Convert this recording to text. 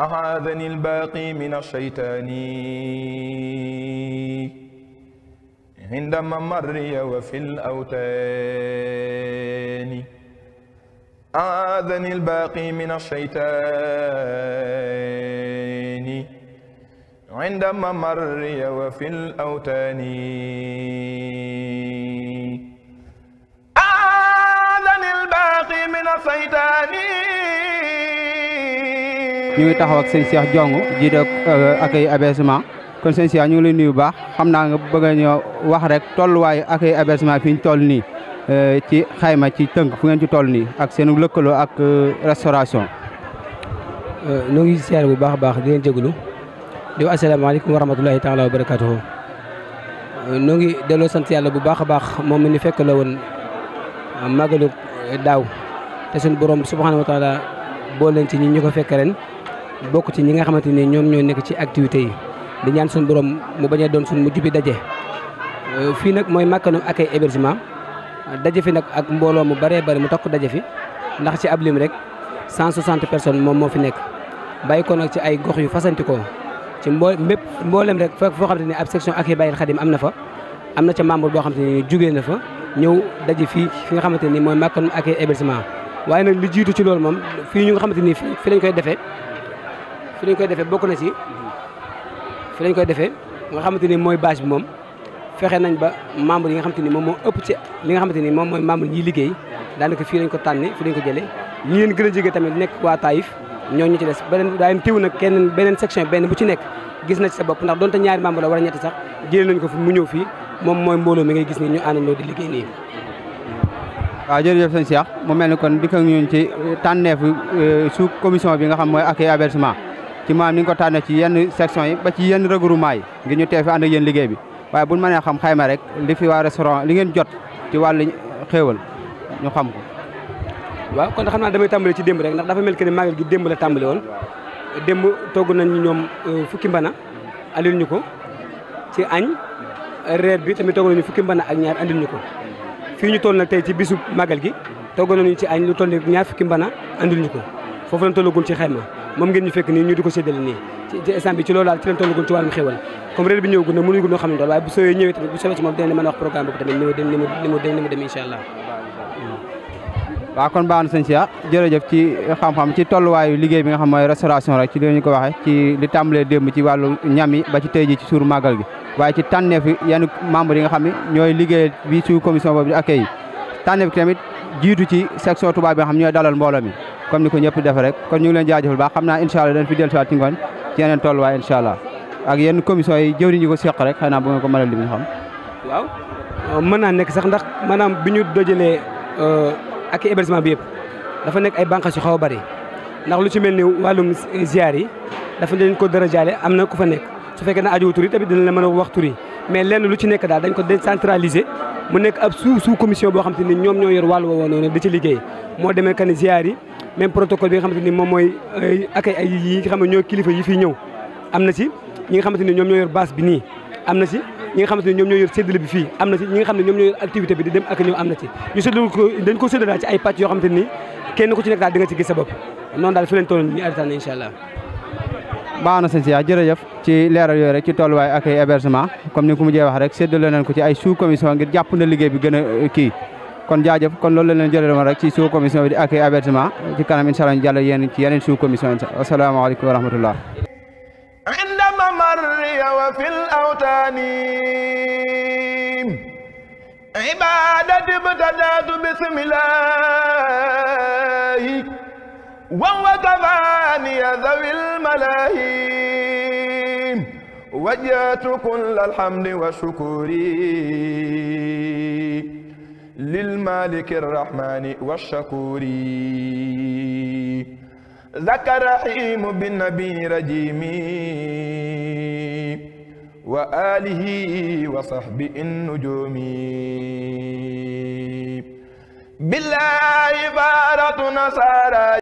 أعاذني الباقي من الشيطان عند ممري وفي الأوتان أعاذني الباقي من الشيطان عند ممري وفي الأوتان أعاذني الباقي من الشيطان ñu ngi taxaw ak sëñ Cheikh Diong jiite accueil euh, abaissement kon sëñ Cheikh ñu ngi lay nuyu bu baax xam naa nga bëgg a ñoo wax rek tolluwaayu accueil abaissement fi ñu toll nii euh, ci xayma ci tënk fu ngeen ci toll nii ak seen lëkkaloo ak euh, restauration. nu ngi siyaare bu baax a baax di leen jégalu di wax asalaamaaleykum wa rahmatulahi taala wa barakatuhu ñu ngi delloo sant yàlla bu baax a baax moom mi ni fekk la woon màggalu daaw te suñu borom subhanahu wa taala ci ñi ñu ko fekk ren. bokk ci ñi nga xamante ni ñoom ñoo nekk ci activités yi di ñaan suñu borom mu bañ a doon suñu mujj bi daje. Euh, fii nag mooy makkanu accueil hébergement daje fi nag ak mbooloo mu baree bëri mu tokk daje fi ndax ci ab lim rek 160 personnes moom moo fi nekk bàyyi ko nag ci ay gox yu fasantikoo ci mbool mépp mboolem rek foo xamante ni ab section accueil Baye Khadim am na fa am na ca membre boo xamante ni jugee na fa ñëw daje fii fi nga xamante ni mooy makkanu accueil hébergement waaye nag li jiitu ci loolu moom fii ñu nga xamante ni fi lañ koy defee fi lañ koy defee bokk na ci fi lañ koy defee nga xamante ni mooy bâche bi moom fexe nañ ba membre yi nga xamante ni moom moo ëpp ci li nga xamante ni moom mooy membre ñiy liggéey daanaka fii lañ ko tànni fi ko jëlee ñi leen gën a jege tamit nekk waa Taïf ñoo ñu ci des beneen daa leen téw nag kenn beneen section benn bu ci nekk gis na ci sa bopp ndax donte ñaari membre la wala ñetti sax jëlee nañ ko fi mu ñëw fii moom mooy mbooloo mi ngay gis ni ñu àndandoo di liggéey nii waaw jërëjëf mel ni kon dikk ak ñun ci tànneef euh, sous commission bi nga xam mooy accueil hébergement ci maam ni nga ko tànnee ci yenn section yi ba ci yenn regroupement yi ngir ñu teew fi ànd ak yéen liggéey bi waaye bu mënee xam xayma rek li fi waa restaurant li ngeen jot ci wàllu xéewal ñu xam ko waaw kon xam naa damay tàmbale ci démb rek ndax dafa mel que ne magal gi démb la tàmbale woon démb togg nañ ñoom euh, fukki mbana andil ñu ko ci añ reer bi tamit togg nañu fukki na ak ñaar andil ñu ko fii ñu toll nag tey ci bisu magal gi togg nañu ci añ lu toll ñaar fukki mbana andil ko foofu lañ ci xayma moom ngeen ñu fekk nii ñu di ko séddale nii ci instant bi ci loolu daal ci lañ tollagoon ci wàllum xéwal comme réer bi ñëwagul nag mënuñu gën a xam ne dool waaye bu sooyee ñëwee tamit bu soobee ci moom dinañ mën a wax programme boobu tamit ni mu dem ni allah waaw kon baax na sëñ Cheikh jërëjëf ci xam-xam ci tolluwaayu liggéey bi nga xam mooy restauration rek ci li ñu ko waxee ci li tàmbalee démb ci wàllu ñam ba ci tey ji ci suur màggal bi waaye ci tànneef yenn membre yi nga xam ne ñooy liggéey bi su commission boobu di accueil yi tànneef tamit jiitu ci section tubaab bi xam ñooy dalal mbooloo mi comme ni ko ñëpp defe rek kon ñu ngi leen jaajëfal baax xam naa incha allah dañ fi dellusiwaat ci ngoon ci yeneen tolluwaay incha allah ak yenn commission yi jëwriñ yi ko seq rek xëy naa bu nga ko mën a lim xam waaw euh, mën naa nekk sax ndax maanaam bu ñu dojalee euh, ak i hébergement bi yëpp dafa nekk ay bànqaas yi xaw a bari ndax lu ci mel ni wàllum ziar yi dafa leen ko dara jaale am na ku fa nekk su fekkee na aju tur yi tamit a wax tur yi mais lenn lu ci nekk daal dañ ko décentraliser mu nekk ab sous sous boo xam te ni ñoo yor wàllu woowu noonu di ci moo demee kan ziar yi même protocole bi nga xamante ni moom mooy euh, akay ay yi nga xam ñoo kilifa yi fi ñëw am na si ñi nga xamante ni ñoom ñoo yor base bi nii am na ci ñi nga xamante ni ñoom ñoo yor séddale bi fii am na si ñi nga xam ne ñoom ñoo yor activité bi di dem ak ñëw am na ci ñu séddale ko dañ ko séddale ay pàcc yoo xamante ni kenn ku ci nekk daal di nga gis sa bopp noonu daal fi leen toll ñu arrêté na incha allah baax na sëñ jërëjëf ci leeral yooyu rek ci tolluwaay ak ay comme ni ku mujjee wax rek séddale nañ ko ci ay sous commission ngir na liggéey bi gën a euh, kon jaajëf kon loolu la leen jëlee woon rek ci sous bi di accueil hébergement ci kanam incha allah ñu jàll yéen ci yeneen sous commission incha allah asalaamaaleykum wa rahmatullah عندما مر وفي الأوتان عبادة ابتدات بسم الله وهو كفاني ذوي الملاهي وجهت lil maliki rahmani wa shakuri zaka rahimu bi nabi rajimi wa alihi wa sahbi in nujumi billahi baratu nasara